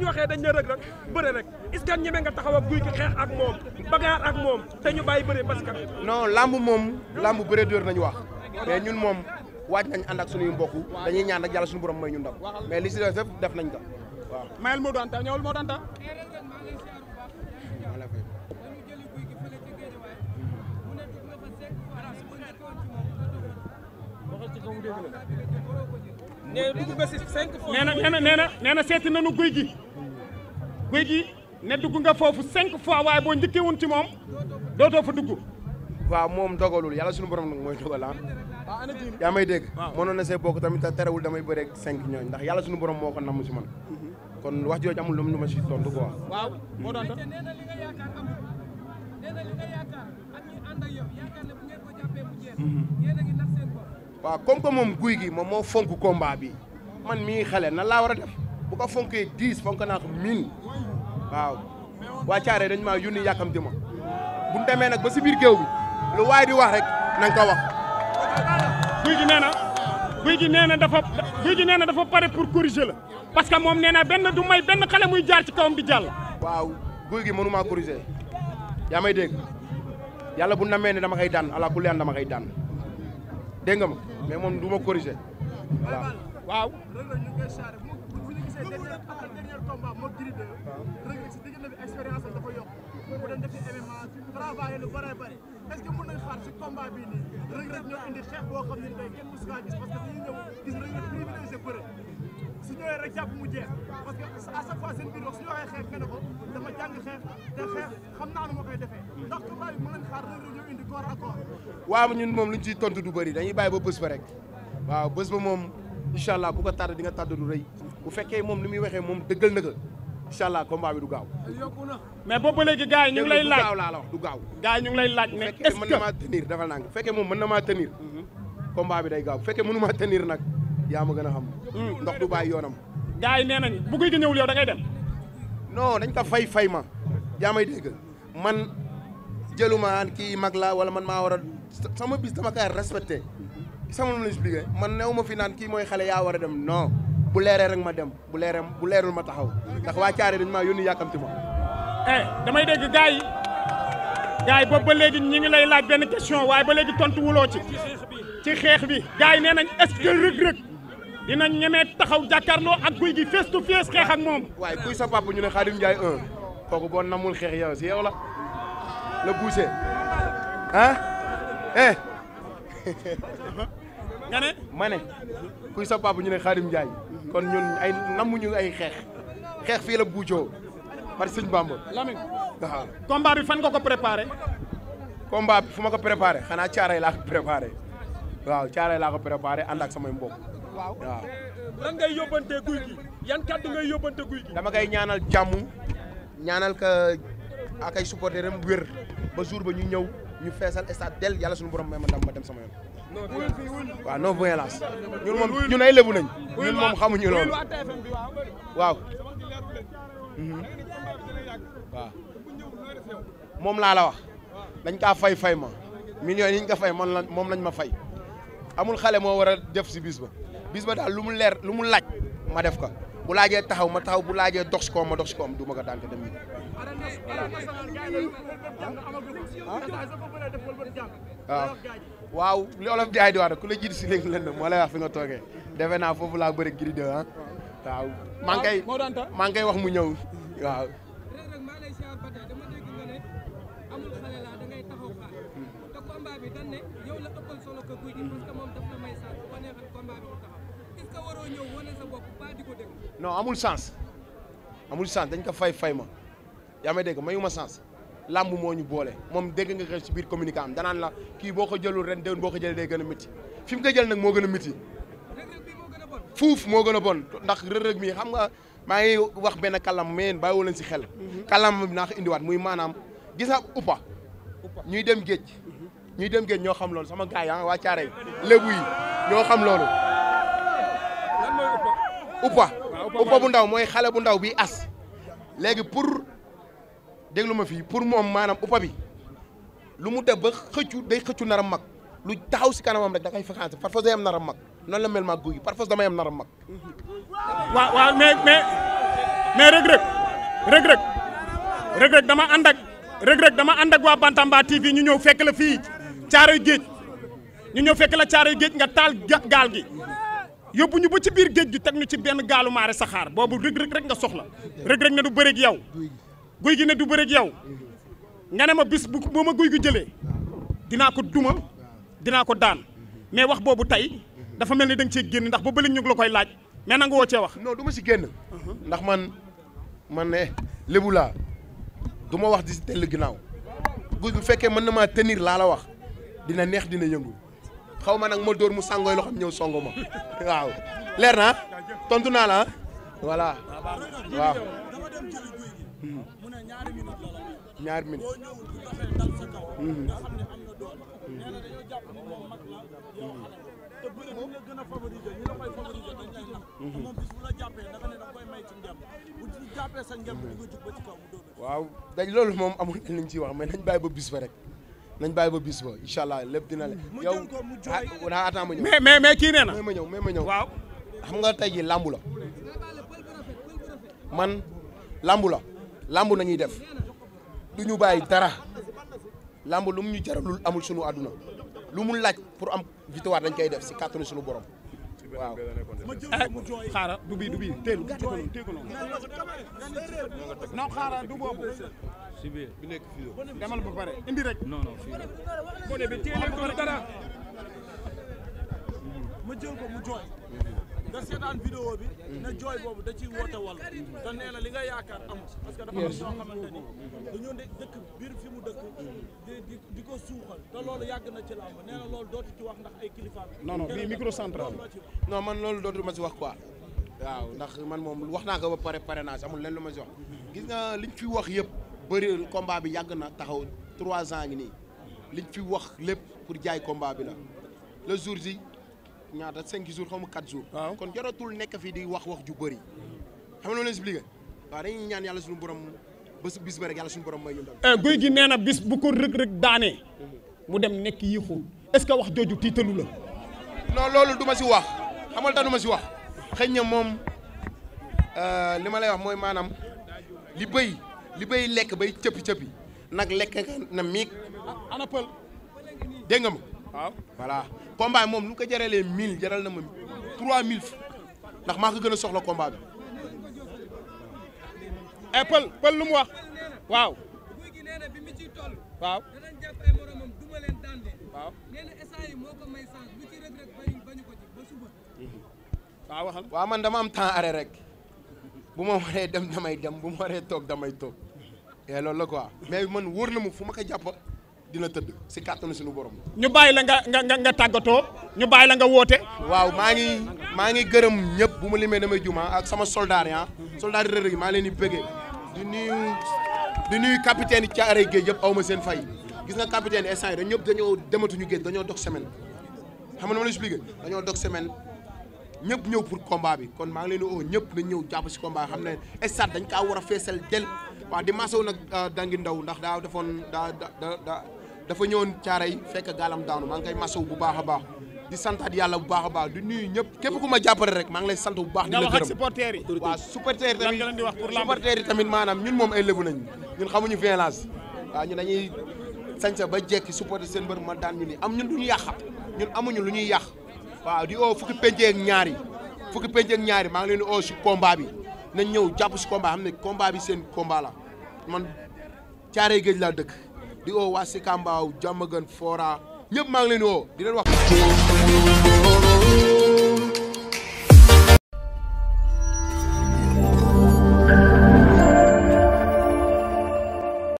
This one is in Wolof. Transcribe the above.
bu waxé dañ ne rek rek bëré rek est-ce que nga taxaw ak guuy ki xex ak mom bagaar ak mom té ñu bayyi bëré parce que. non lamb mom lamb bëré dóor nañ wax mais ñun mom waaj nañ and ak suñu mbokk dañuy ñaan ak yalla suñu borom may ñu ndam mais li ci def def nañ ko waaw. mayel moo doon ta nena, nena, nena, nena, nena, nena, nena, nena, nena, nena, nena, nena, nena, nena guy gi ne dugg nga foofu cinq fois waaye boo njëkkee woon ci moom dootoo fa dugg. waaw moom dogalul yàlla suñu borom nag mooy dogal ah. Ah, yaa may dégg. waaw mënoon na tamit te terewul damay bëre ak cinq ñooñ ndax yàlla suñu borom moo ko namm si man. kon wax jooju amul lu mu lu ma si tontu waaw moo doon tontu. Mhm. waaw comme moom guy gi moom moo fonk combat bi man mii xale nan laa war a def. bu ko fonkee dix fonk naa ko mille waaw waa Thiaré dañ maa yónni yàkkamti ma bu ñu demee nag ba si biir géew bi lu waay di wax rek na ko wax. guy gi nee na guy gi nee na dafa guy gi na dafa pare pour corriger la parce que moom nee na benn du may benn xale muy jaar ci kawam di jàll. waaw guy gi mënu maa yaa may dégg yàlla bu namee ne dama koy daan ala kulli dama koy daan dégg nga ma moom du ma corriger waaw. waaw. gisee dernier après dernier combat moom Gris lu que mën nañ xaar si combat bii nii Reug Reug indi xeex boo xam ni tey kenn mu jeex parce que à chaque fois xeex nga ne ko dama xeex te ndax combat bi mën nañ xaar Reug Reug indi corps à corps. ñun moom luñ ciy tontu du bëri dañuy bàyyi ba bés ba rek waaw bés ba moom incha allah ku ko tardé nga tardé du rëy bu fekkee moom li muy waxee moom dëggal na ko incha allah combat bi du gaaw. mais boobu léegi gars lay laaj gaaw laa la wax du gaaw. gars lay laaj ne est-ce que bu fekkee mën na fekkee moom mën na maa tenir. Mhm. combat bi day gaaw bu fekkee mënu maa tenir nag yaa ma gën a xam. Mhm. ndox du bàyyi yoonam. gars yi nee nañu bu guy gi ñëwul yow da dem. non dañ ko fay fay ma yaa may dégg man jëluma kii mag la wala man maa war a sama bis tama kaa respecté mhm. sama lu ma expliqué man néew ma fi naan kii mooy xale yaa war a dem non bu leeree rek ma dem bu leeree bu leerul ma taxaw ndax waa caare dañ maa yónni yàkkamti ma. eh damay dégg gars yi gars yi boobu ba léegi ñi ngi lay laaj benn question waaye ba léegi tontu wuloo ci xeex bi. gars yi nee nañ est-ce que rëg-rëg taxaw jàkkaarloo ak guy gi face to face ak moom. waaye kuy sa papa ñu ne Khadim Ndiaye un kooku boo namul xeex yow si yow la la buuse ah eh. nga ne ma ne kuy sa papa ñu ne Khadim Ndiaye. kon ñun ay namuñu ay xeex xeex fii la buujoo par sëñ Bamba. Lamine waaw. combat bi fan nga ko préparé. combat bi fu ma ko préparé xanaa caaray laa ko préparé waaw caaray laa ko préparé ànd ak samay mbokk. waaw waaw. lan ngay yóbbante yan kàddu ngay yóbbante guy gi. dama koy ñaanal jàmm ñaanal ka ak ay supporteram wér ba jour ba ñu ñëw ñu feesal stade del yàlla suñu borom may ma ndam ma dem sama yoon. waaw non violence ñun moom ñun ay lébu nañ ñun moom xamuñu loolu waaw mhm. moom laa la wax dañ kaa fay fay ma millions yi ñu ko fay man la moom lañ ma fay amul xale moo war a def si biis ba biis ba daal lu mu leer lu mu laaj ma def ko bu laajee taxaw ma taxaw bu laajee dox si koom ma dox si koom du ma ko dànk dem waaw waaw li olof Ndiaye di wax ku la jiitu si léegi lenn moo lay wax fi nga toogee defe naa foofu laa bëri Gris 2 ah waaw maa ngi koy maa ngi koy wax mu ñëw waaw. non amul sens amul sens dañ ko fay fay ma yaa may dégg mayuma sens làmb moo ñu boole moom dégg nga ko ci biir communiqué am danaan la kii boo ko jëlul ren déwén boo ko jëlee day gën a métti fi mu ko jël nag moo gën a métti fuuf moo gën a bon ndax rërëg mi xam nga maa ngi wax benn kalam mais bàyyiwoo leen ci xel. Mhm. kalam bi naa ko indiwaat muy maanaam gis nga ñuy dem géej mhm. ñuy dem géej ñoo xam loolu sama gars yi ah waa ñoo xam loolu. uppa uppa bu ndaw mooy xale bu ndaw bi as léegi pour. déglu ma fii pour moom maanaam uppa bi lu mu def ba xëccu day xëccu naram mag lu taxaw si kanamam rek da koy fexaanse parfois day am naram mag noonu la mel maa guy gi parfois damay am naram mag. waaw waaw mais mais mais Reug Reug Reug Reug dama ànd ak Reug dama ànd ak waa Bantamba TV ñu ñëw fekk la fii Caaroy Géej ñu ñëw fekk la Caaroy Géej nga taal gaal gi yóbbu ñu ba ci biir géej gi teg ñu ci benn gaalu maare saxaar boobu Reug Reug rek nga soxla Reug Reug ne du yow. guy gi ne du bëreeg yow nga ne ma bis bu boo ma guy gi jëlee dinaa ko duma dinaa ko daan mais wax boobu tey dafa mel ni da nga cee génn ndax ba bële ñu la koy laaj mais nangu woo cee wax. non du ma si génn. ndax man man ne lébu laa du ma wax di si tell ginnaaw guy bu fekkee mën na maa tenir laa la wax dina neex dina yëngu xaw ma nag ma dóor mu sàngooy loxoom ñëw songo ma waaw leer na tontu naa la ah? voilà waaw. mu ne ñaari minute la la am nga gën mhm. ci waaw dañ loolu moom amul liñ ciy wax mais nañ bàyyi ba bis ba rek nañ bàyyi ba bis ba incha allah lépp dina la yow ah attends ma ñëw mais mais mais kii nee na ma ñëw mais ma ñëw waaw xam nga tey jii làmb man làmb làmb nañuy def du ñu bàyyi dara lamb lu mu ñu jaralul amul sunu àdduna lu mu laaj pour am victoire dañ koy def si kàttanu sunu borom waaw. xaaral du bii du bii teel tegu noonu non xaaral du boobu. si biir bi nekk fii demal ba pare indi rek. non fii boo demee ko dara. ma ko mu nga seetaan vidéo bi ne jooy boobu da ci woote wàllu te nee na li nga yaakaar amul parce que ñoo de dëkk biir fi mu dëkk di ko suuxal te loolu yàgg na ci làmb nee na loolu dootu ci wax ndax ay kilifa non non micro central non man loolu dootu ma si wax quoi waaw ndax man moom wax naa ko ba pare naa parrainage amul leen lu ma si wax gis naa li fi wax yëpp bari combat bi yàgg na taxaw trois ans ngi nii li fi wax lépp pour jaay combat bi la le jour ji ñaata cinq jours xaw ma quatre jours. waaw kon jaratul nekk fii di wax wax ju bëri. xam nga loolu expliqué dañuy ñaan yàlla suñu borom bés bis ba rek yàlla suñu borom may ñu ndam. Eh, guy gi nee na bis bu ko Reug Reug daanee mu dem nekk yéexu est-ce que wax jooju tiitalu la. non loolu du ma si wax xamal tax du ma si wax xëy na moom euh, li ma lay wax mooy maanaam li bëy li bëy lekk bay cëppi cëppi nag lekk nga na miig. Ah, ana pël dégg ma. waaw voilà combat moom nu ko jaralee 1000 jaral na ma 3000 ndax maa ko gën a soxla combat bi. ay eh, pël pël lu mu wax waaw. waaw. waaw. waxal waaw man dama am temps arrêt rek bu ma waree dem damay dem bu ma waree toog damay toog et loolu la ko mais man wóor na mu fu ma ko jàpp. dina tëdd si kàttanu suñu borom. ñu bàyyi la nga nga tàggatoo ñu bàyyi la nga woote. waaw maa ngi maa ngi gërëm ñëpp bu ma limee damay juma ak sama soldaar yi ah. soldaar yi maa leen di bëggee di nuyu di nuyu capitaine yi Thiaroye Géej yëpp aw ma seen fay gis nga capitaine instant yi dañ ñëpp dañoo dematuñu géej dañoo dox semaine xam nga ma la expliqué dañoo dog semaine ñëpp ñëw pour combat bi kon maa ngi leen ñëpp nañ ñëw jàpp si combat xam ne stade dañ kaa war a feesal del waaw di masawu nag ah, dangi ndaw ndax daa defoon daa dafa ñëwoon caaray fekk gaalam daanu maa ngi koy bu baax a baax di santaat yàlla bu baax a baax di nuyu ñëpp képp ku ma jàppale rek maa ngi lay sant bu baax di la gërëm supporter yi waaw supporter yi tamit supporter yi tamit maanaam ñun moom ay lébu nañ ñun xamuñu violence waaw ñun dañuy sañsa ba jekki supporter seen mbër ma daan ñu ni am ñun duñu yàq ñun amuñu lu ñuy yàq waaw di oo fukki penc ak fukki penc ñaari ñaar yi maa oo si combat bi nañ ñëw jàpp si combat xam ne combat bi seen combat man caaree géej laa dëkk di woo waa Sicap Mbao Diamaguène Fora ñëpp maa ngi leen di woo di leen wax.